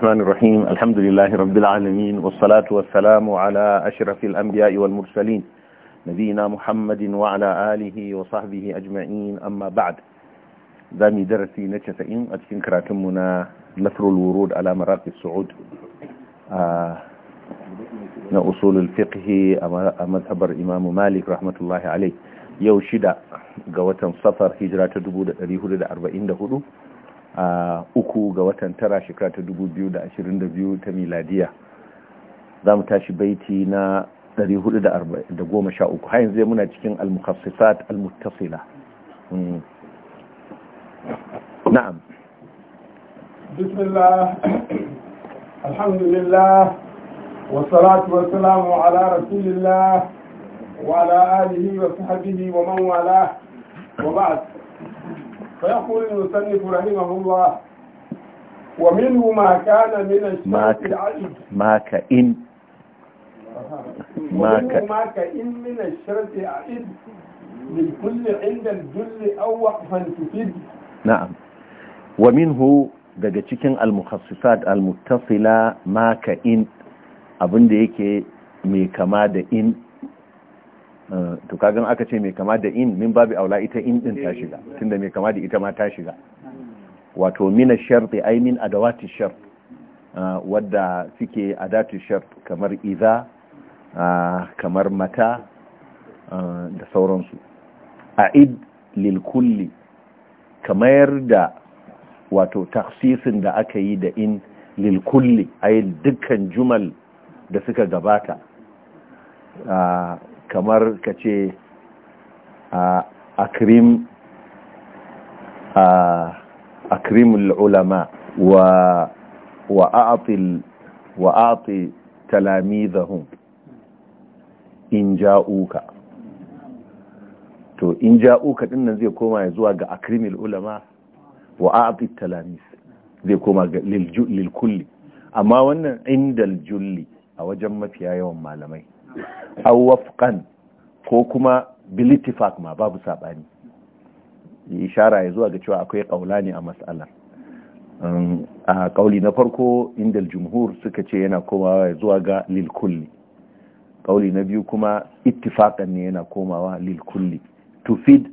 الرحمن الرحيم الحمد لله رب العالمين والصلاة والسلام على أشرف الأنبياء والمرسلين نبينا محمد وعلى آله وصحبه أجمعين أما بعد ذامي درسي نتشفئين أتكين كراتمنا نثر الورود على مراقب السعود آه نأصول الفقه مذهب الإمام مالك رحمة الله عليه يوشد قوة صفر هجرة دبود 444 uku ga watan tara shekara ta 2022 ta miladiya za mu tashi baiti na 413 har zai muna cikin al-mukhassisat al-muttasila hmm. na'am bismillah alhamdulillah والصلاة والسلام على رسول الله وعلى آله وصحبه ومن wa وبعد فيقول المصنف رحمه الله ومنه ما كان من الشرك العجب ما كان ما كان ما كإن من الشرك العجب للكل عند الجل او وقفا تفيد نعم ومنه daga cikin al-mukhassisat al-muttasila ma ka in abin yake mai kama da in to kagan aka ce mai kama da in min babu aula ita in din ta shiga eh. tunda mai kama da ita ma ta shiga wato mina sharti ai min adawati shart ah, wadda suke adati shart kamar iza ah, kamar mata ah, da sauransu a'id lil kulli kamar da wato taksisin da aka yi da in lil kulli ai dukkan jumal da suka gabata kamar ka ce a akrimul ulama wa wa a'til wa a'ti talamidahum in ja'uka to in ja'uka din nan zai koma zuwa ga akrimul ulama wa a'ti talamis zai koma ga lil amma wannan inda julli a wajen mafiya yawan malamai aw ko kuma bilitifak ma babu sabani ishara ya zuwa ga cewa akwai ne a mas'alar um, a kauli na farko inda jumhur suka ce yana komawa zuwa ga lilkulli kauli na biyu kuma ittifakan ne yana komawa lilkulli tufid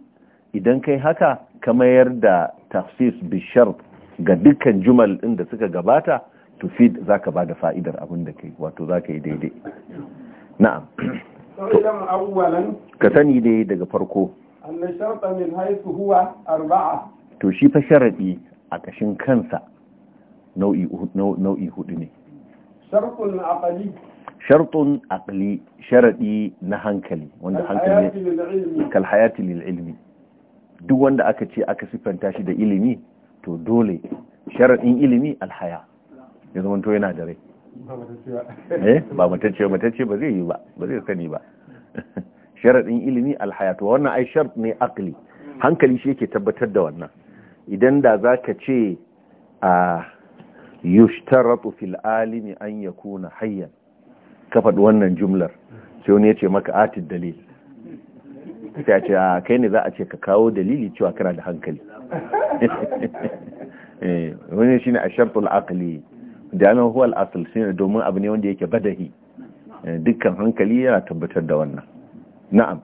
idan kai haka mayar da tafsis bishar ga dukkan jumal ɗin da suka gabata tufid zaka bada fa'idar abin da kai wato zaka yi daidai na'am ka sani ne daga farko to shi fa sharaɗi a kashin kansa nau'i hudu ne shartun aqli sharaɗi na hankali wanda hankali hayati lil ilmi duk wanda aka ce aka siffanta shi da ilimi to dole sharaɗin ilimi alhaya ya zama to yana da rai eh ba mutacce mutacce ba zai yi ba ba zai sani ba sharadin ilimi alhayatu wannan ai shart ne akli hankali shi yake tabbatar da wannan idan da zaka ce a yushtaratu fil alimi an yakuna hayyan ka faɗi wannan jumlar sai wani ya maka atid dalil sai a ce a kai ne za a ce ka kawo dalili cewa kana da hankali eh, wani shine ashartul aqli jami'an huwal asal shi domin abu ne wanda yake badahi eh, dukkan hankali yana tabbatar da wannan na'am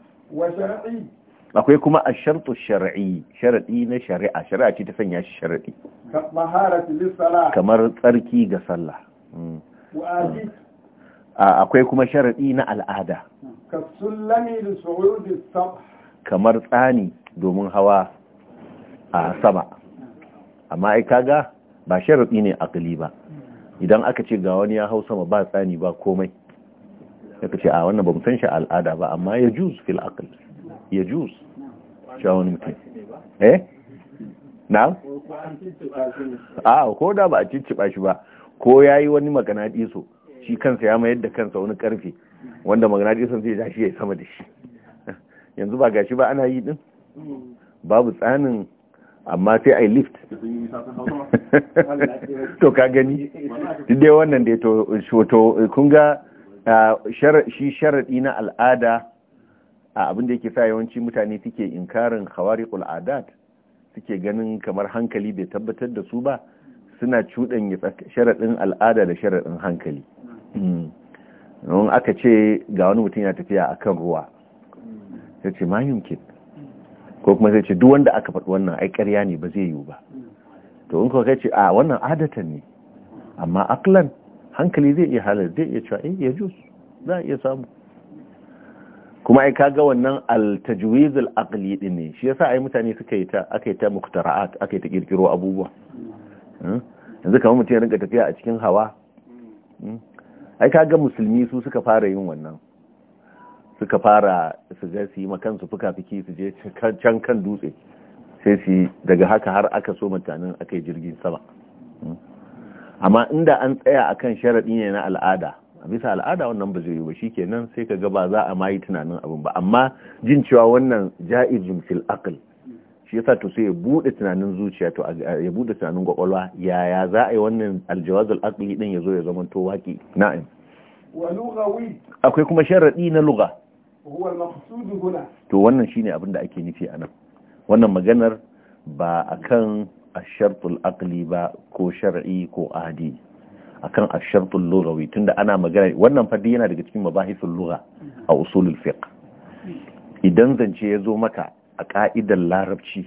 akwai kuma a shartu shari'i shari'i na shari'a shari'a ce ta sanya shi shari'i kamar tsarki ga sallah hmm. akwai kuma shari'i na al'ada kamar tsani domin hawa a sama amma ai kaga ba shari'i ne akali ba idan aka ce ga wani ya hau sama ba tsani ba komai aka ce a wannan ba mu san shi al'ada ba amma ya juz fil aql ya juz cewa wani mutum eh na ah ko da ba a cicciba shi ba ko yayi wani magana diso shi kansa ya mayar da kansa wani karfe wanda magana diso zai ja shi ya sama da shi yanzu ba gashi ba ana yi din babu tsanin amma sai ai lift to ka gani dai wannan dai to shoto kun ga shi sharaɗi na al'ada a abin da yake sa yawanci mutane suke inkarin khawariqul adat suke ganin kamar hankali bai tabbatar da su ba suna cuɗanya sharaɗin al'ada da sharaɗin hankali don hmm. aka ce ga wani mutum ya tafiya akan ruwa ya ce ma yumkin ko kuma zai ce duk wanda aka faɗi wannan ai ƙarya ne ba zai yiwu ba to in kuka ce a wannan adatan ne amma aklan hankali zai iya halar zai iya cewa eh ya jus za a iya samu kuma ai kaga wannan al-tajwiz al-aqli din ne shi yasa ai mutane suka yi ta aka yi ta muqtara'at aka yi ta kirkiro abubuwa hmm? yanzu kamar mutum ya rinka tafiya a cikin hawa hmm? ai kaga musulmi su suka fara yin wannan suka fara su je su yi makansu fuka-fiki su je can kan dutse sai su daga haka har aka so mutanen aka yi jirgin sama amma inda an tsaya a kan sharaɗi ne na al'ada a bisa al'ada wannan ba zai yi ba shi nan sai ka gaba za a mayi tunanin abin ba amma jin cewa wannan ja'izin fil shi yasa to sai ya bude tunanin zuciya to ya bude tunanin kwakwalwa yaya za a yi wannan aljawazul akli din ya zo ya zama to waki na'im akwai kuma sharaɗi na lugha to wannan shine abin da ake nufi anan wannan maganar ba akan ashartul aqli ba ko shar'i ko adi akan ashartul lughawi tunda ana magana wannan fadi yana daga cikin mabahisul lugha a usulul fiqh idan zance ya zo maka a ka'idar larabci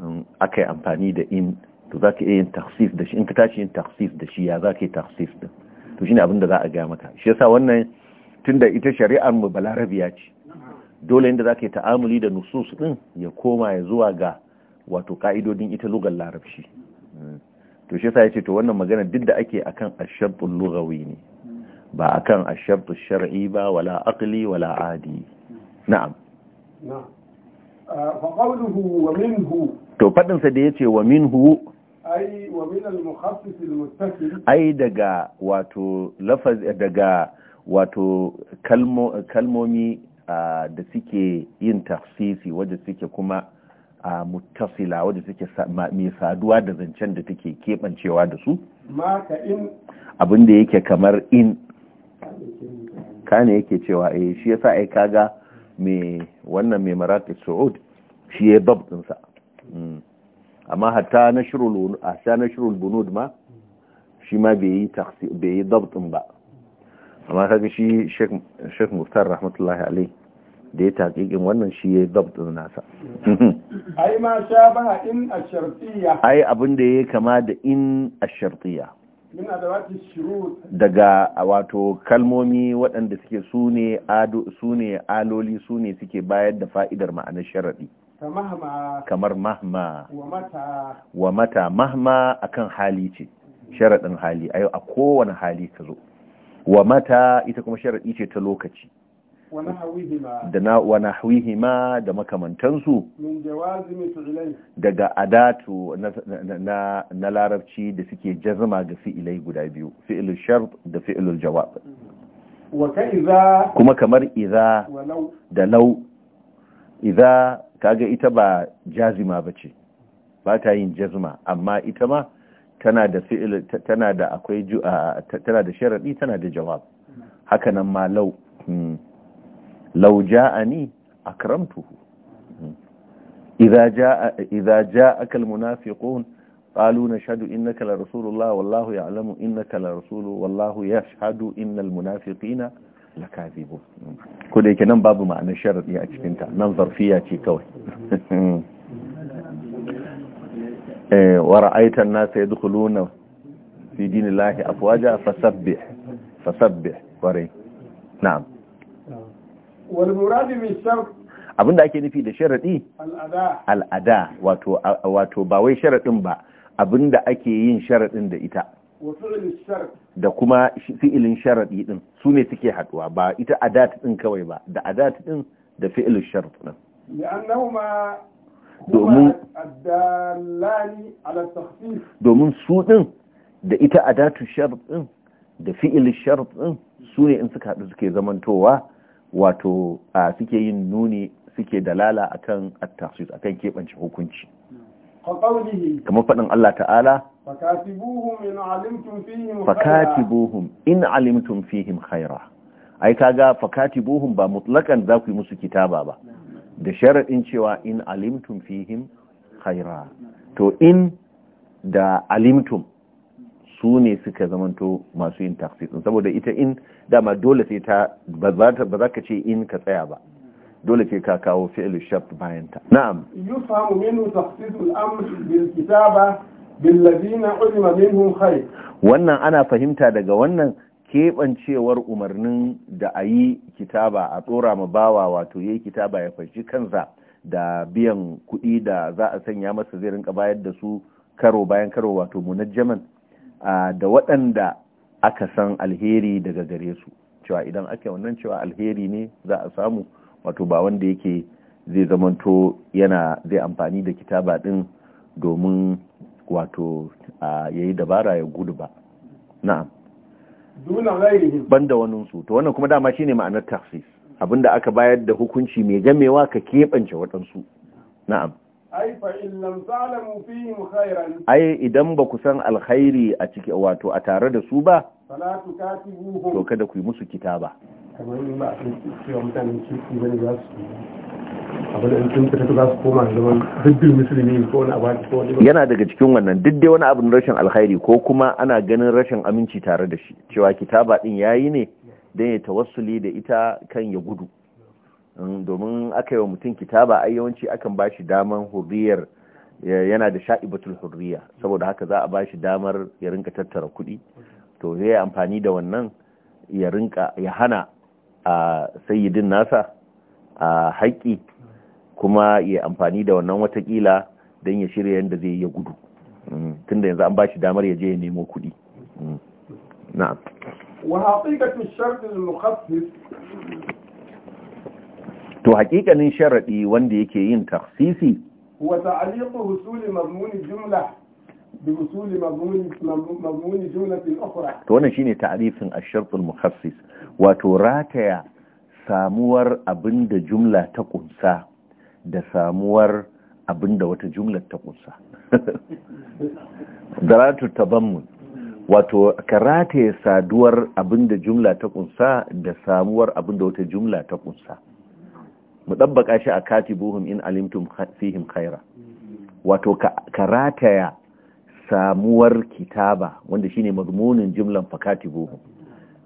um, akai amfani da in to za ka iya yin taksif da shi in ka tashi yin tafsir da shi ya za yi tafsir din to shine abin da za a ga maka shi yasa wannan tunda ita shari'ar mu balarabiya ce dole inda zaka yi ta'amuli da nusus din ya koma ya zuwa ga wato ka'idodin ita lugar larabci to shi yasa yace to wannan magana duk da ake akan ash-shartul lughawi ne ba akan ash-shartu shar'i ba wala aqli wala adi na'am na'am ah, fa qawluhu wa minhu to fadin sa da yace wa minhu ai wa min al-mukhassis al-muttasil ai daga wato lafaz daga wato kalmomi da suke yin tafsisi wadda suke kuma a mutasila wadda suke mai saduwa da zancen da take keɓancewa da su abin da yake kamar in kane yake cewa eh shi ya sa kaga mai wannan mai maraqi su'ud shi ya bab dinsa mm. amma hatta na shirul bunud ma shi ma bai yi bai yi ba amma ka shi Sheikh Muftar rahmatullahi alai da ya taƙiƙin wannan shi ya zabt din nasa ai ma sha shabaha in a shartiya. ai abin da yake kama da in a shartiya. daga wato kalmomi waɗanda suke sune ado sune aloli ne suke bayar da fa'idar ma'anar sharaɗi kamar mahma wa mata mahma akan hali ce sharaɗin hali a kowane hali ka zo wa mata ita kuma sharaɗi ce ta lokaci wa na wana da makamantansu daga adatu na larabci da suke jazma ga fi'ilai guda biyu fi'ilul shart da fi'ilul jawab kuma kamar iza da lau iza kaga ita ba jazima bace ce ba ta yin jazma amma ita ma tana da fi'il tana da akwai ju'a tana da sharadi tana da jawab haka nan ma law hmm. law ja'ani akramtuhu hmm. idza ja'a idza ja'a kal munafiqun qalu nashhadu innaka la rasulullah wallahu ya'lamu innaka la rasulu wallahu yashhadu innal munafiqina lakazibun hmm. ko da yake nan babu ma'anar sharadi a cikin ta nan zarfiya ce kawai ورأيت الناس يدخلون في دين الله أفواجا فسبح فسبح وري نعم والمراد بالسبح abin Abinda ake nufi da sharaɗi al'ada wato ba wai sharaɗin ba abinda ake yin sharaɗin da ita da kuma fi'ilin sharaɗi ɗin su ne suke haɗuwa ba ita adat ɗin kawai ba da adat ɗin da fi'ilin sharaɗi ɗin domin su ɗin da ita a adatu sharf ɗin da fi'il sharf ɗin su ne in suka haɗu suke zamantowa wato a suke yin nuni suke dalala akan at a akan keɓance hukunci kamar faɗin Allah ta'ala fakatibuhum in alimtum fihim khaira ai kaga fakatibuhum ba mutlakan za ku yi musu kitaba ba da sharaɗin cewa in alimtum fihim khaira to in da alimtum su ne suka zamanto masu yin taksisin saboda ita in dama dole sai ta ba za ka ce in ka tsaya ba dole sai ka kawo fi'lu shaf bayan ta na'am yufamu minhu taksisul amr bil kitaba bil ladina ulima minhum khair wannan ana fahimta daga wannan keɓancewar umarnin da a yi kitaba a tsora ma bawa wato ya yi kitaba ya fashi kansa da biyan kuɗi da za a sanya masa zai rinka bayar da su karo bayan karo wato munajjaman da waɗanda aka san alheri daga gare su cewa idan aka wannan cewa alheri ne za a samu wato ba wanda yake zai zamanto yana zai amfani da kitaba ɗin domin wato ya yi dabara ya gudu ba na'am banda wani su to wannan kuma dama shine ma'anar tafsis abinda aka bayar da hukunci mai gamewa ka kebance waɗansu na'am ai idan ba ku san alkhairi a ciki wato a tare da su ba to kada ku yi musu kitaba yana daga cikin wannan duk wani abin rashin alkhairi ko kuma ana ganin rashin aminci tare da shi cewa kitaba din yayi ne dan ya tawassuli da ita kan ya gudu mm, domin aka yi wa mutum kitaba a yawanci akan ba shi daman hurriyar yana da sha'ibatul hurriya saboda haka za a ba shi damar ya rinka tattara kuɗi to zai amfani da wannan ya rinka ya hana a sayyidin nasa a haƙƙi kuma ya amfani da wannan watakila don ya shirya yadda zai ya gudu mm. tun da yanzu an ba shi damar ya je ya nemo kuɗi mm. na'am to haƙiƙanin sharaɗi wanda yake yin taksisi wa ta'liqu husuli mazmuni jumla bi husuli mazmuni mazmun jumla ukhra to wannan shine ta'rifin ash-shart al-mukhassis wato rataya samuwar abinda jumla ta kunsa da samuwar abinda wata jumlar ta kusa daratu banmu, wato karata ya saduwar abinda jumla ta kunsa da samuwar abinda wata jumla ta kunsa mu ɗabbaƙa shi a kati katibuhum in alimtum fihim khaira wato karata ya samuwar kitaba wanda shine mazmunin jumlan fakatibuhum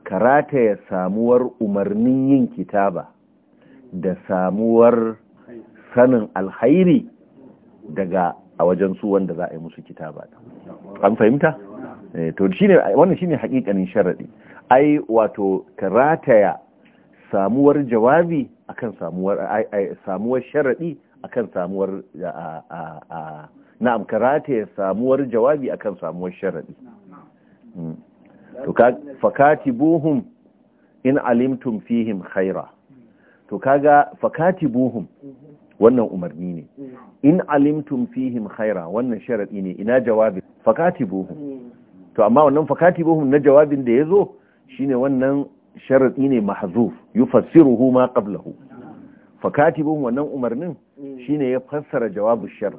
karata ya samuwar umarnin yin kitaba da samuwar sanin alhairi daga a wajen su wanda za a yi musu kitaba an fahimta eh, to shine wannan shine hakikanin sharadi ai wato karataya samuwar jawabi akan samuwar samuwar sharadi akan samuwar na'am karataya samuwar jawabi akan samuwar sharadi hmm. to ka fakatibuhum in alimtum fihim khaira to kaga fakatibuhum wannan umarni ne mm. in alimtum fihim khaira wannan sharadi ne ina jawabi fakatibuhum mm. to amma wannan fakatibuhum na jawabin da yazo shine wannan sharadi ne mahzuf yufassiruhu ma qablahu fakatibuhum wannan umarnin mm. shine ya fassara jawabu shart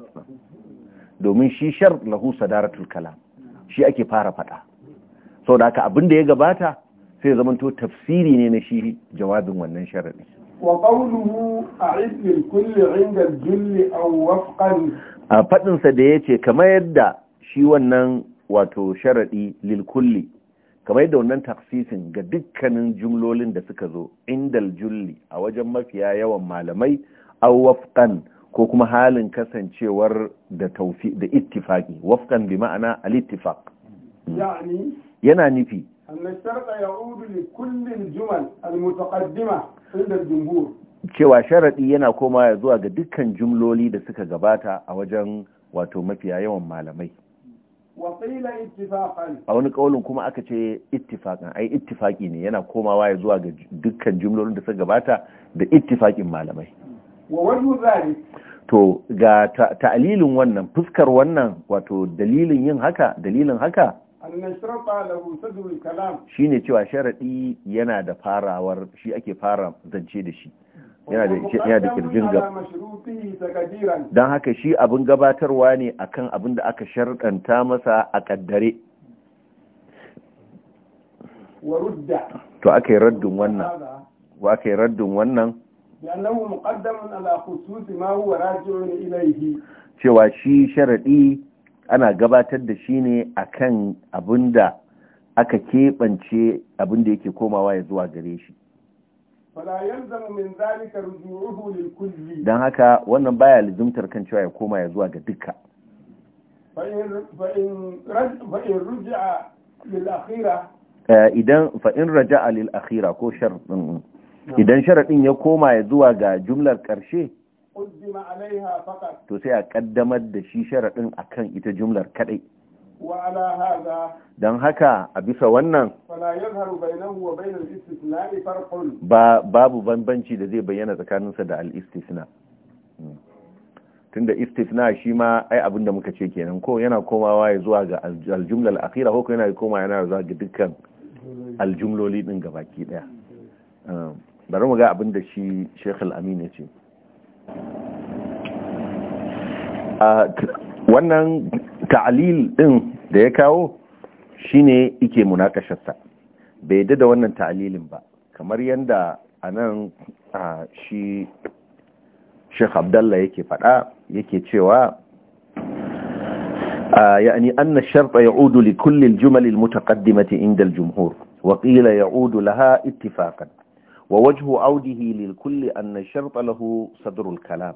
domin shi shart lahu sadaratul kalam shi ake fara fada saboda haka abin da ya gabata sai zamanto tafsiri ne na shi jawabin wannan sharadi وقوله أعد للكل عند الجل أو وفقا فدن سديتي كما يدى شي wannan wato sharadi lil kulli kamar yadda wannan taksisin ga dukkanin jumlolin da suka zo indal julli a wajen mafiya yawan malamai aw wafqan ko kuma halin kasancewar da tawfi da ittifaqi wafqan bi ma'ana al ittifaq hmm. yana nufi أن الشرط يعود لكل al المتقدمة cewa sharaɗi yana koma zuwa ga dukkan jumloli da suka gabata a wajen wato mafiya yawan malamai a wani ƙaunin kuma aka ce ittifaƙin ai ittifaƙi ne yana komawa ya zuwa ga dukkan jumlolin da suka gabata da ittifaƙin malamai to ga ta'alilin wannan fuskar wannan wato dalilin yin haka dalilin haka shine cewa sharaɗi yana da farawar shi ake fara zance da shi yana da kirjin ga don haka shi abin gabatarwa ne akan abin da aka sharɗanta masa a ƙaddare to aka yi raddin wannan wa aka yi raddin wannan cewa shi sharaɗi ana gabatar da shi ne akan abin da aka keɓance abin da yake komawa ya zuwa gare shi don haka wannan baya lizimtar kan cewa ya koma ya zuwa ga duka fa'in eh, raja'a lil'akhira akhira ko sharaɗin idan sharaɗin ya koma ya zuwa ga jumlar ƙarshe to sai a kaddamar da shi sharaɗin kan ita jumlar kaɗai don haka a bisa wannan babu banbanci da zai bayyana tsakaninsa da al'istisna hmm. tunda istisna shi ma ai abin da muka ce kenan ko yana komawa ya zuwa ga aljumla al'akhira ko yana koma yana zuwa ga dukkan aljumloli din gabaki daya hmm. bari mu ga abin da shi shekhal al ya ce wannan ta'alil din da ya kawo shine ike munakashasta bai yadda da wannan ta'alilin ba kamar yadda a nan shi sheikh abdallah yake fada yake cewa يعني أن الشرط يعود لكل الجمل المتقدمة عند الجمهور وقيل يعود لها اتفاقا ووجه عوده للكل أن الشرط له صدر الكلام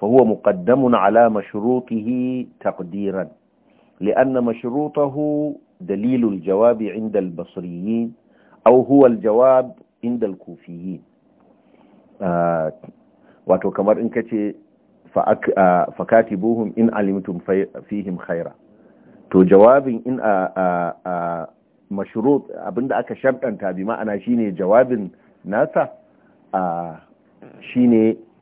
فهو مقدم على مشروطه تقديرا لأن مشروطه دليل الجواب عند البصريين أو هو الجواب عند الكوفيين آه وتكمر إنك آه فكاتبوهم إن علمتم في فيهم خيرا تو جواب إن آه مشروط أبند أكا شرطا تابي ما أنا شيني جواب nasa a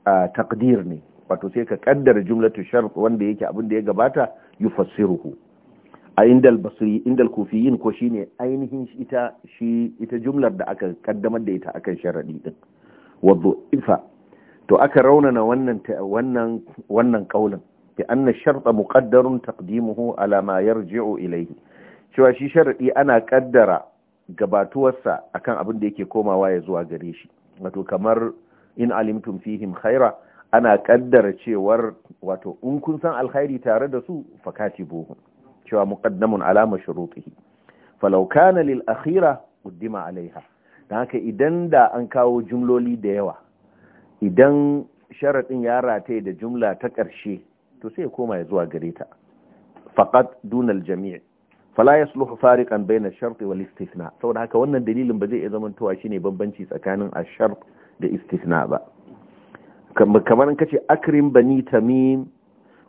a takdir ne wato sai ka kaddara jumlatu shart wanda yake abin da ya gabata yi ku a indal basri indal kufiyin ko shine ainihin ita shi ita jumlar da aka kaddamar da ita akan sharaɗi din wadda ifa to aka raunana wannan wannan wannan kaulin bi anna sharta muqaddarun taqdimuhu ala ma yarji'u ilayhi cewa shi sharaɗi ana kaddara gabatuwarsa a kan abin da yake komawa ya zuwa gare shi wato kamar in alimtum fihim khaira ana kaddara cewar wato in kun san alkhairi tare da su fakati buhu cewa muqaddamun ala mashrutihi falau kana lil akhira qaddima alaiha dan haka idan da an kawo jumloli da yawa idan sharadin ya rataye da jumla ta ƙarshe to sai ya koma ya zuwa gare ta faqat dunal jami' fala yasluhu fariqan bayna ash-shart wal istithna saboda haka wannan dalilin ba zai iya zaman towa shine bambanci tsakanin ash-shart da istithna ba kamar an kace akrim bani tamim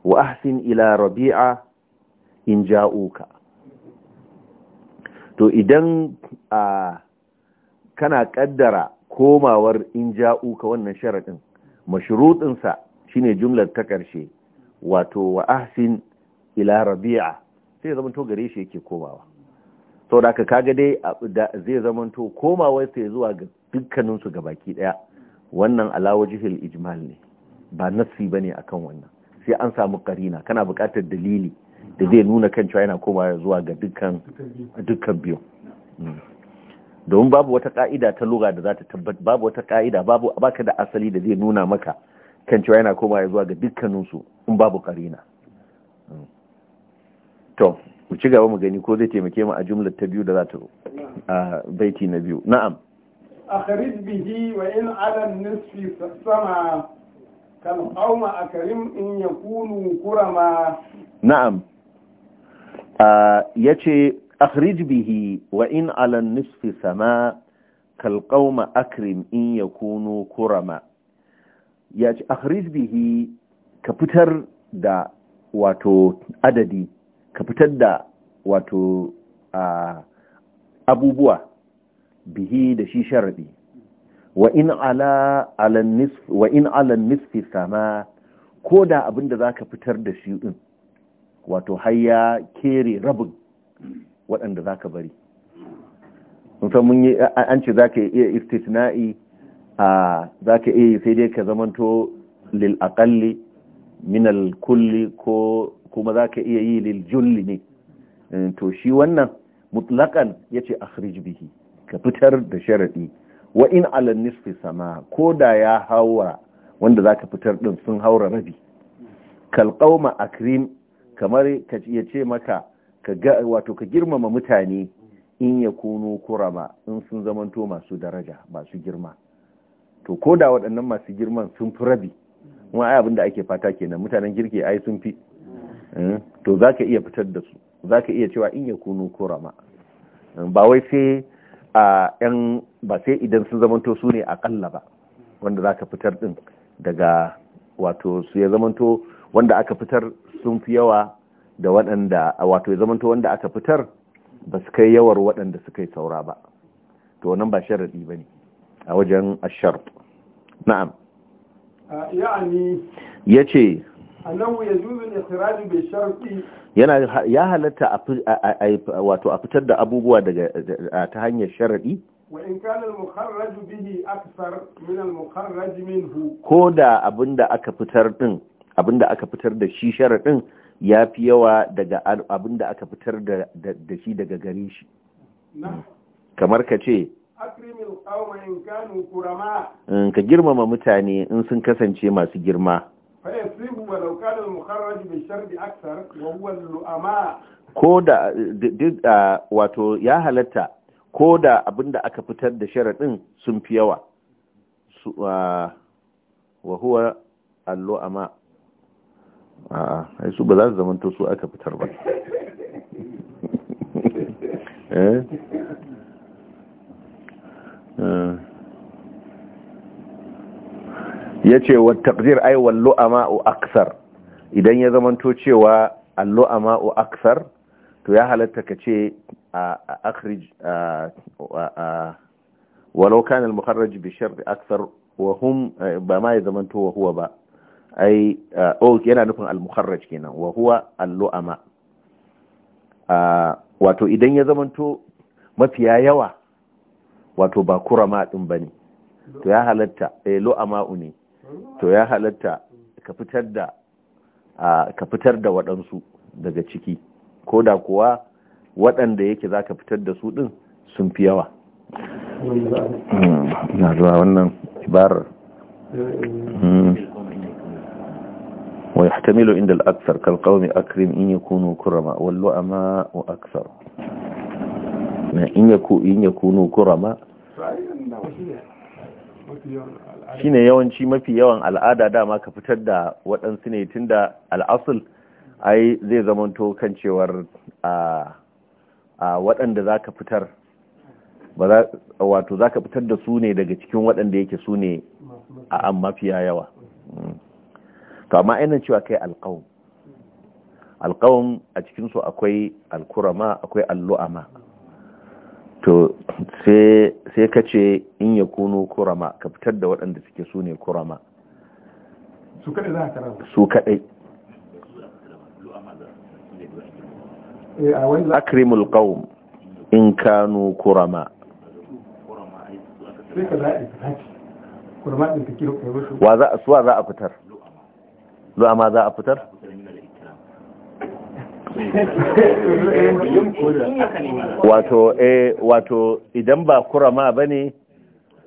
wa ahsin ila rabi'a in ja'uka to idan a kana kaddara komawar in ja'uka wannan sharadin mashrutin sa shine jumlar ta karshe wato wa ahsin ila rabi'a sai ya zamanto gare shi yake komawa sau da aka kaga dai zai zamanto komawa sai zuwa ga dukkaninsu ga baki daya wannan alawajihil ijmal ne ba nasi ba ne akan wannan sai an samu karina kana buƙatar dalili da zai nuna kan cewa yana komawa zuwa ga dukkan biyu hmm. domin babu wata ka'ida ta lura da za ta tabbata babu wata ka'ida babu baka da asali da zai nuna maka kan cewa yana komawa zuwa ga dukkaninsu in babu karina hmm. to ku ci gaba mu gani ko zai taimake mu a jumlar ta biyu da za ta a baiti na biyu na'am akhrij bihi wa in ala nisfi sama kan qauma akrim in yakunu kurama na'am a yace akhrij bihi wa in ala nisfi sama kal qauma akrim in yakunu kurama yace akhrij bihi ka fitar da wato adadi ka fitar da wato abubuwa bihi da shi sharaɗi wa in ala alan nisfi sama ko da abin da za ka fitar da shi ɗin wato haya kere rabin waɗanda za ka bari an ce za ka iya istitna'i a za ka iya sai dai ka zamanto lil'akalli minal kulli ko kuma za ka iya yi liljulli ne eh, to shi wannan mutlakan ya ce akhrij bihi ka fitar da sharaɗi wa in alal sama ko da ya haura wanda za ka fitar ɗin sun haura rabi kalƙauma akrim kamar ka iya ce maka ka ga wato ka girmama mutane in ya kuno kurama in sun zamanto masu daraja masu girma to ko da waɗannan masu girman sun fi rabi wani abin da ake fata kenan mutanen girki ai sun fi Eh? to za ka iya fitar da su za ka iya cewa in ya kunu kurama eh, ba wai sai a yan ba sai idan sun zamanto su ne akalla ba wanda za ka fitar din daga wato su ya zamanto wanda aka fitar sun fi yawa da waɗanda wato ya zamanto wanda aka fitar ba su kai yawar waɗanda suka yi saura ba to nan ba sharaɗi ba ne a wajen ashar na'am ya ce yana ya halatta wato a fitar da abubuwa daga ta hanyar sharaɗi. ko da abinda aka fitar din abinda aka fitar da shi sharaɗin ya fi yawa daga abinda aka fitar da shi daga gare shi kamar ka ce ka girmama mutane in sun kasance masu girma فيصيب ولو كان المخرج بالشرب أكثر وهو اللؤماء كودا واتو يا هلتا كودا abinda aka fitar da sharadin sun fi yawa wa huwa allu'ama a su ba za su zamanta su aka fitar ba eh? Eh. ya ce wa taqdir ai wallo ama'u aksar idan ya zamanto cewa allo ama'u aksar to ya halatta ka ce a akhrij walau kana al bishar da aksar wa eh, ba ma ya zamanto wa huwa ba ai yana nufin al muharraj kenan wa huwa allo ama wato idan ya zamanto mafiya yawa wato ba ɗin ba ne to ya halatta eh, a ma'u ne to ya halatta ka fitar da a ka fitar da waɗansu daga ciki ko da kuwa waɗanda yake za ka fitar da su ɗin sun fi yawa hmm, na zuwa wannan ibarar hmm. wai hatamilo inda al'aksar kalkawo mai akirin in ya kuno kurama wallo a ma'aksar in ya kuno ma. shine yawanci mafi yawan al'ada dama ka fitar da waɗansu ne tunda al'asul ai zai zamanto kan cewar a waɗanda za ka fitar wato za ka fitar da su ne daga cikin waɗanda yake su ne a an mafiya yawa mm. to amma ainihin cewa kai alƙawun alƙawun a cikinsu akwai alkurama akwai allu'ama to sai ka ce in ya kuno kurama ka fitar da waɗanda suke su ne kurama su kaɗai za a tara su kaɗai eh, akrimul in kanu kurama wa za a fitar lu'ama za a fitar wato eh wato idan ba kurama bane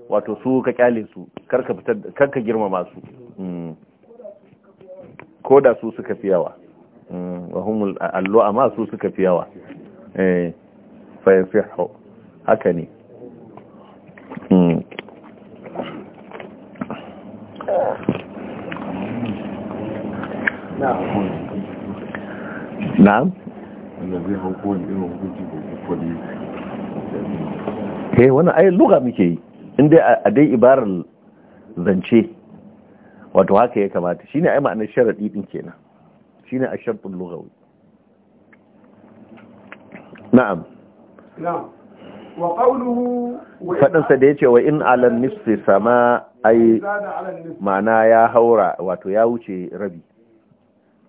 wato su ka kyale su karka fitar karka girmama su mm. ko da su suka fi yawa mm. wa allo allu'a ma su suka fi yawa eh fa yasihu haka ne na'am eh wannan ayin luga muke yi inda a dai ibarar zance wato haka ya kamata a yi ma'anar sharaɗi ɗin kenan ne a shartul lugawi na'am na'am da ya ce da wa in alan nisfi sama ai ma'ana ya haura wato ya wuce rabi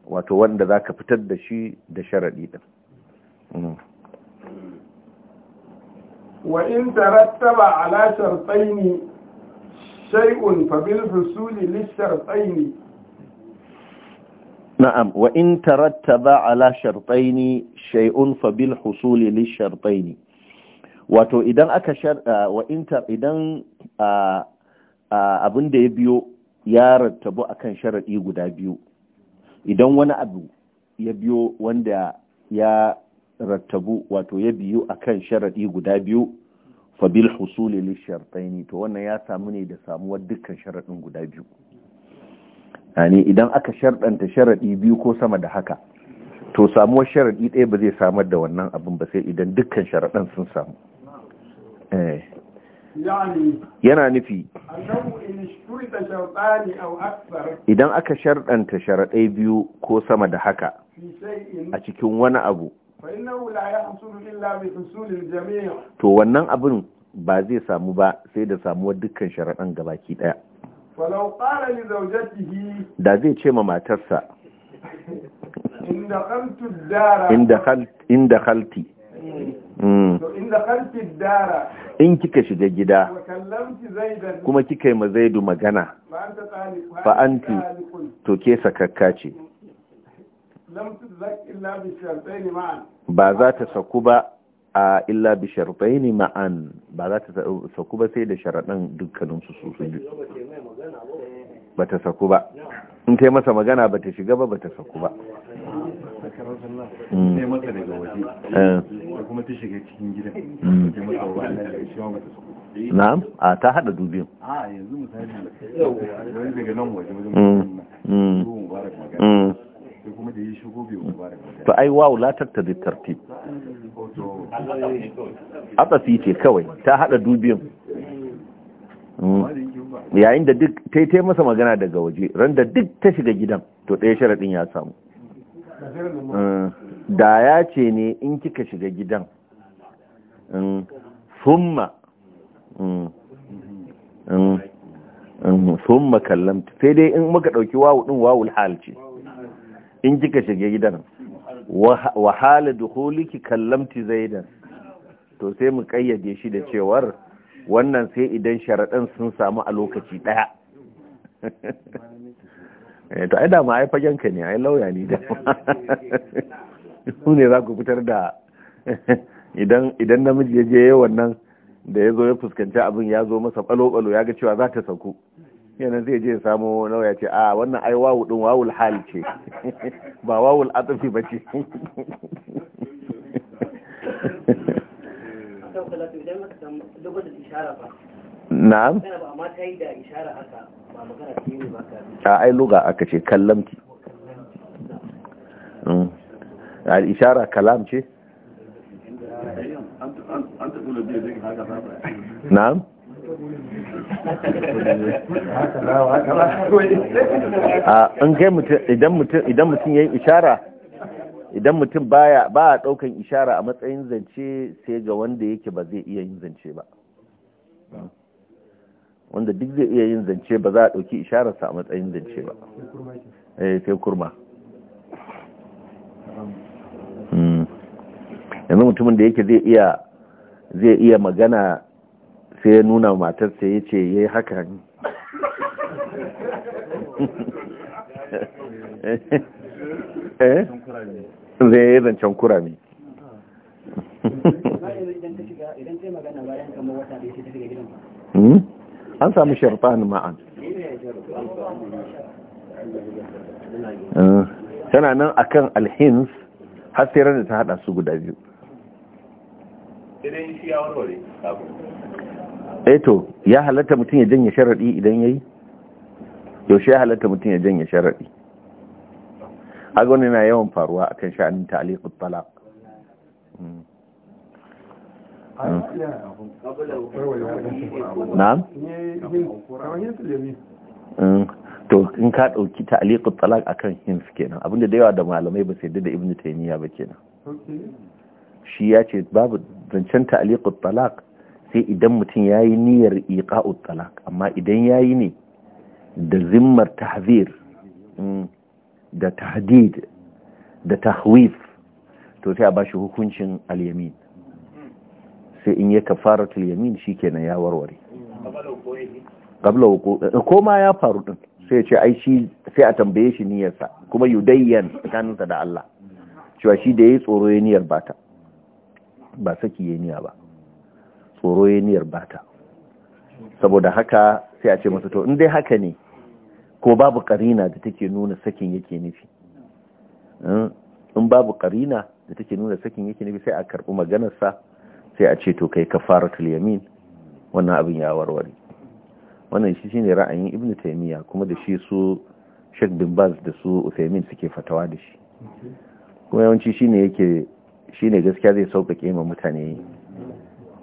wato wanda za ka fitar da shi da sharaɗi ɗin mm. wa'in tarattaba ala sharɗaini shay'un fabil husuli lisharɗaini na'am wa'in tarattaba ala sharɗaini shay'un fabil husuli lisharɗaini wato idan aka wa'intar idan abin da ya biyo ya rattabu akan sharaɗi guda biyu idan wani abu ya biyo wanda ya rattabu wato ya biyu akan sharadi guda biyu fabil husuli li shartaini to wannan ya samu ne da samuwar dukkan sharadin guda biyu yani idan aka shardanta sharaɗi biyu ko sama da haka to samuwar sharaɗi ɗaya ba zai samar da wannan abin ba sai idan dukkan sharaɗin sun samu eh. yana nufi idan aka sharɗanta sharaɗai biyu ko sama da haka a cikin wani abu to wannan abin ba zai samu ba sai da samuwar dukkan sharaɗan gabaki ɗaya da zai ce ma matarsa inda halti mm. mm. in kika shiga gida kuma kika yi ma zaidu magana fa'anti to ke sakakka ce ba za ta saku ba a illa bi sharfaini ma'an ba za ta saku ba sai da sharaɗin dukkaninsu su su ba ta saku ba in kai masa magana ba ta shiga ba ba ta saku ba kuma ta shiga cikin gidan na'am a ta hada dubin a yanzu misali wani daga nan waje wajen mm. mubarak mm. magana mm. sai kuma da yi shigo bai mubarak magana to ai wawu la tattali tartib atsafi ce kawai ta hada dubin yayin da duk ta yi masa magana daga waje randa duk ta shiga gidan to ɗaya sharaɗin ya samu da ya ce ne in kika shiga gidan summa mm. summa mm. mm. kallamta sai dai in muka ɗauki wawu ɗin wawu hal ce in kika shiga gidan wahala ki kallamti zaidan to sai mu kayyade shi da cewar wannan sai idan sharaɗin sun samu a lokaci ɗaya eh, to ai da ma ai fagenka ne ai lauya ne da su ne za ku fitar da idan namiji ya je wannan da ya zo ya fuskanci abin ya zo masa balo-balo ya ga cewa za ta sauku yanan zai je samu nawa ya ce a wannan ai wawu din wawul hal ce ba wawul atafi ba ce na'am a ai luga aka ce kallamti mm. al'ishara kalam ce na'am an kai idan mutum ya yi ishara idan mutum baya ba a daukan ishara a matsayin zance sai ga wanda yake ba zai iya yin zance ba wanda duk zai iya yin zance ba za a dauki ishararsa a matsayin zance ba eh, sai kurma yanzu mutumin da yake zai iya zai iya magana sai ya nuna matarsa ya ce ya yi haka ne eh? zai yi zancen ne hmm? an samu sharfani ma'an eh, tana nan akan alhins har sai da ta hada su guda biyu ya eto eh ya halatta mutum ya janye sharaɗi idan ya yi yaushe ya halatta mutum ya janye sharaɗi Agoni na yawan faruwa a kan sha'anin ta'aliƙut talaq hmm. na'am hmm. to in ka ɗauki ta'aliƙut talaq akan hins kenan abinda da yawa da malamai ba sai da ibnu taimiyya ba kenan shi ya ce babu zancen ta'aliqut talaq sai idan mutum ya yi niyyar iqa'ut talaq amma idan ya yi ne da zimmar tahzir mm, da tahdid da tahwif to sai a bashi hukuncin alyamin yamin sai in ya kafaratul yamin shikenan ya warware eh, ko ma ya faru ɗin, sai ce aishi sai a tambaye shi niyyarsa kuma yudayyan tsakaninsa da Allah cewa shi da ya yi tsoro ya niyyar bata ba saki ya ba tsoro ya bata saboda haka sai a ce masa to in dai haka ne ko babu karina da take nuna sakin yake nufi hmm? in babu karina da take nuna sakin yake nufi sai a karbi maganarsa sai a ce to kai kafaratul yamin wannan abin ya warware wannan shi shine ra'ayin ibnu taymiya kuma da shi su Sheikh bin Baz da su Uthaymeen suke fatawa da shi kuma yawanci shine yake Shi ne gaskiya zai sauƙaƙe ma mutane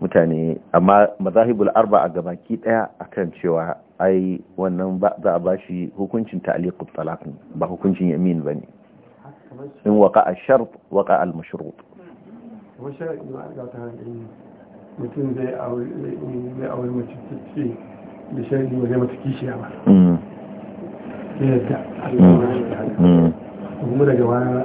mutane amma mazahibul arba a gabaki daya akan cewa ai wannan za a bashi hukuncin ta'liqut talaq ba hukuncin yamin bane in waqa ash-shart waqa al-mashrut mutum zai aure mace ce da shari'i wajen mata kishiya ba mm. yadda mm. Mm. kuma daga wani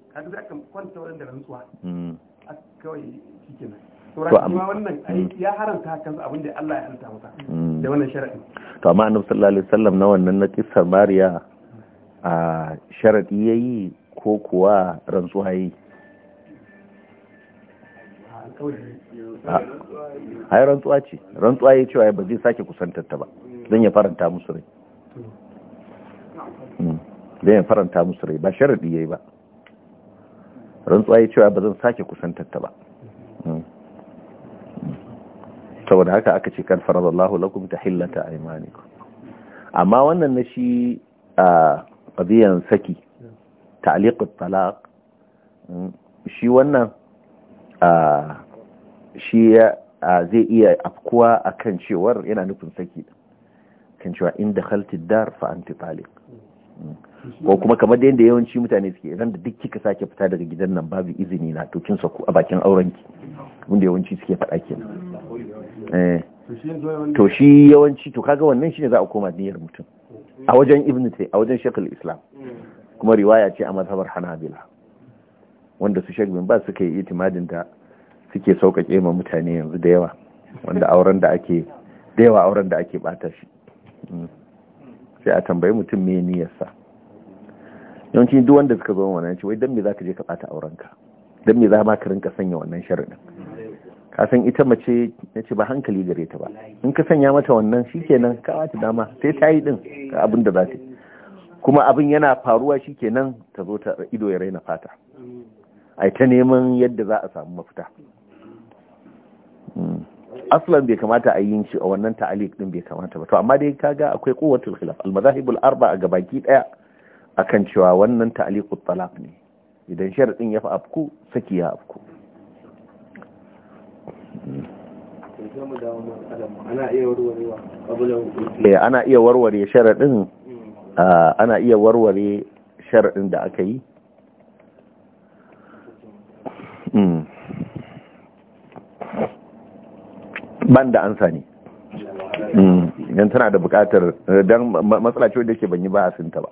kaga za ka kwanta wurin da rantsuwa mm. a kawai shi mm. ya haramta hakan abin da Allah ya halitta masa mm. da wannan sharaɗin to amma annabi sallallahu alaihi wasallam na wannan na kissar Mariya a sharaɗi yayi ko kuwa rantsuwa yayi ai rantsuwa ce rantsuwa yayi cewa ba zai sake kusantar ta ba dan ya faranta musu rai dan ya faranta musu rai ba sharaɗi yayi ba rantsuwa ya cewa ba zan sake kusantar ta ba hmm. saboda haka aka ce kan Allah lakum tahillata aymanikum amma wannan na shi a qadiyan saki ta'liq talaq hmm, shi wannan shi zai iya afkuwa akan cewar yana nufin saki kan cewa in dakhalti dar fa anti ko kuma kamar da yadda yawanci mutane suke idan da duk kika sake fita daga gidan nan babu izini na to kin saku a bakin auren ki wanda yawanci suke faɗa kenan eh to shi yawanci to kaga wannan shine za a koma niyyar mutum a wajen ibnu tay a wajen shekul islam kuma riwaya ce a mazhabar hanabila wanda su shekul ba suka yi itimadin da suke saukake ma mutane yanzu da yawa wanda auren da ake da yawa auren da ake bata shi hmm. sai a tambayi mutum me niyyarsa yawanci duk wanda suka zo wannan ce wai dan me zaka je ka bata aurenka dan me za ma ka rinka sanya wannan sharadin ka san ita mace nace ba hankali gare ta ba in ka sanya mata wannan shikenan ka wata dama sai ta yi din ka abin da za ta kuma abin yana faruwa shikenan ta zo ta ido ya raina fata ai ta neman yadda za a samu mafita hmm. aslan bai kamata a yin shi a wannan ta'aliq din bai kamata ba to amma dai kaga akwai quwwatul khilaf al madahibul arba'a a gabaki daya akan cewa wannan ta'aliqut talaq ne idan sharadin ya fa afku saki ya afku eh, ana iya warware sharadin ana iya warware sharadin da aka yi hmm. ban da ansa ne hmm. idan tana da bukatar don matsala ce wanda ke banyi ba a sinta ba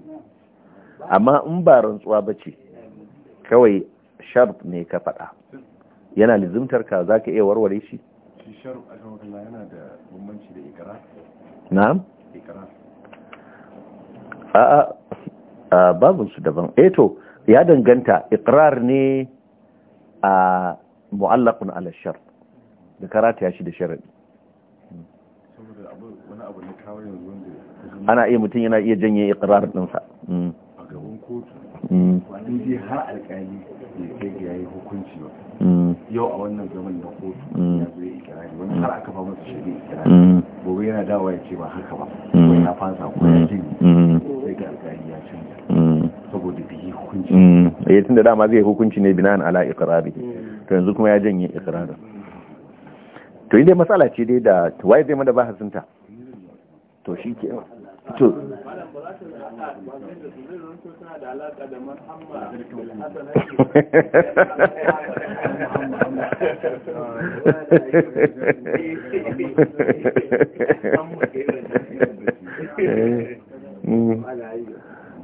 amma in ba rantsuwa ba ce kawai sharp ne ka faɗa yana lizimtar ka za ka iya warware shi na'am a'a a babinsu daban eto eh ya danganta ikrar ne a mu'allakun ala shar da karata ya shi da sharadi ana iya mutum yana iya janye ikrar ɗinsa hmm. kotu wani mm. dai har alkali bai kai ya yi hukunci ba mm. yau a wannan zaman da kotu mm. ya zo ya ikirari wani har aka ba masa shirin ikirari gobe yana dawa ya ce ba haka ba ko ya fasa ko ya jini sai ga alkali ya canza, saboda bai hukunci. hukunci eh tunda dama zai hukunci ne binan ala Ikirari, to yanzu kuma ya janye ikirarin to inda matsala ce dai da waye zai ba bahasinta to shi ke to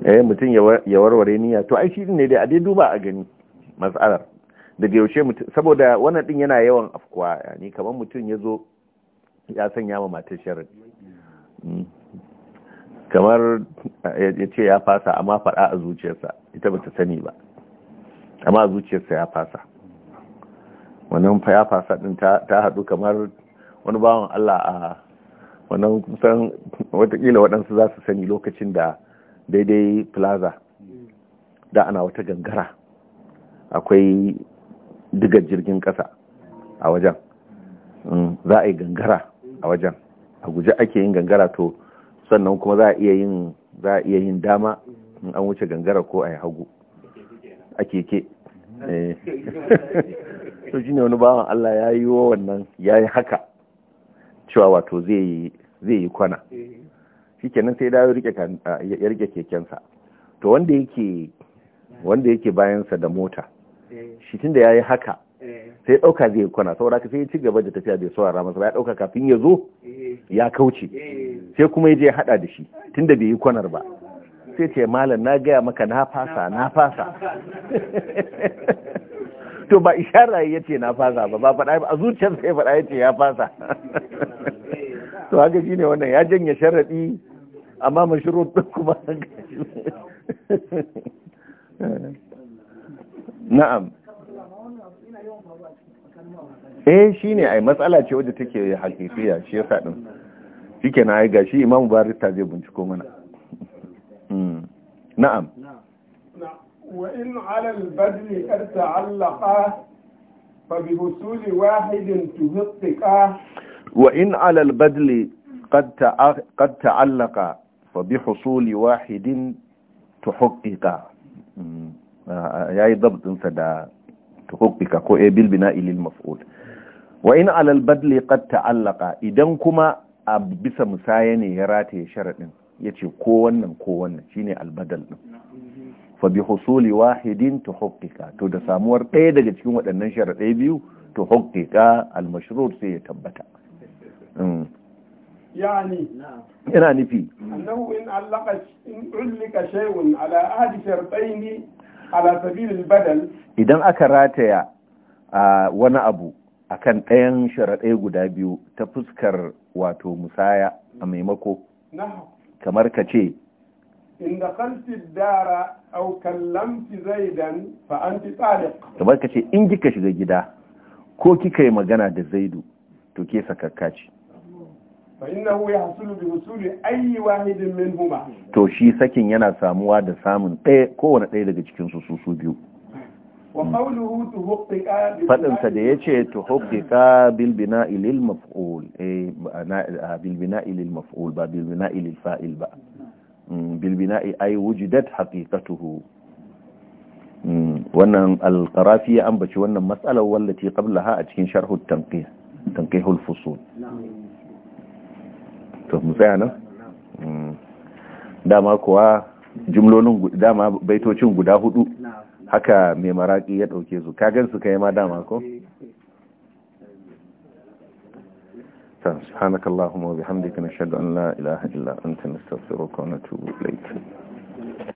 eh mutum ya warware niyya to ai shi ne dai a dai duba a gani matsalar daga yaushe mutum saboda wannan din yana yawan afkuwa yani kamar mutum ya zo ya sanya ma matar sharadi hmm. kamar ya ce ya fasa amma faɗa a zuciyarsa ita ba ta sani ba amma a zuciyarsa ya fasa wannan ya fasa ɗin ta haɗu kamar wani bawan Allah a wannan kusan watakila waɗansu za su sani lokacin da daidai plaza da ana wata gangara akwai digar jirgin ƙasa a wajen mm, za a yi gangara a wajen a guje ake yin gangara to sannan kuma za a iya yin dama in an wuce gangara ko a yi hagu a keke eh. to ne wani bawan Allah ya yi wa wannan ya yi haka cewa wato zai yi kwana shikenan sai dawo ya rike kekensa to wanda yake bayansa da mota shi tun da ya yi haka Eh. sai ɗauka zai kwana saboda ka sai ci gaba da tafiya bai saurara masa ya ɗauka kafin ya zo eh. ya kauce eh. sai kuma ya je ya haɗa da shi tunda bai yi kwanar ba sai ce malam na gaya maka na fasa na fasa to ba ishara ya ce na fasa ba ba faɗa a zuciyar sai faɗa ya ce ya fasa to haka shine wannan ya janye sharaɗi amma mashurut ɗin kuma na'am ɗaya eh, shi ne a yi matsala ce wadda take haƙiƙiya shi ya faɗin shi ke na ya ga shi imam buhari ta zai binciko mana hmm. na'am Wa wa'in alal badri karta allaka fabi husuli wahidin ta wa'in alal badri karta allaka fabi husuli wahidin tuhittika hmm. ya yi dabtinsa da tuhittika ko ebil eh, bina ilil mafi'ul wa in alal badli qad ta'allaqa idan kuma a bisa musaya ne ya rataye sharadin yace ko wannan ko wannan shine albadal din fa bi husuli wahidin tuhaqqiqa to da samuwar ɗaya daga cikin waɗannan sharadai biyu tuhaqqiqa al-mashrur sai ya tabbata mm. yani yana nufi annahu in allaka in ullika shay'un ala ahadi shartaini ala sabil badal idan aka rataya wani abu a kan ɗayan sharaɗai guda biyu ta fuskar wato musaya a maimako kamar ka ce in da dara au kallamti zaidan fa anti tsadiq kamar ka ce in kika shiga gida ko kika yi magana da zaidu to ke sakakka ce fa innahu yahsulu bi husuli ayi wahidin minhuma to shi sakin yana samuwa da samun ɗaya kowane ɗaya daga cikin su su biyu faɗinsa da ya ce ka bilbina ilil maf'ul eh, bilbina ilil maf'ul ba bilbina ilil fa'il ba mm, bilbina ai wujidat haƙiƙatuhu mm, wannan alƙarafi ya ambaci wannan matsalar wallace ha a cikin sharhut tankihul fusul to mu tsaya nan mm. dama kuwa jimlonin dama baitocin guda hudu haka mai maraƙi ya ɗauke su kagan su kai ma dama ko سبحانك اللهم وبحمدك نشهد أن لا إله إلا أنت نستغفرك ونتوب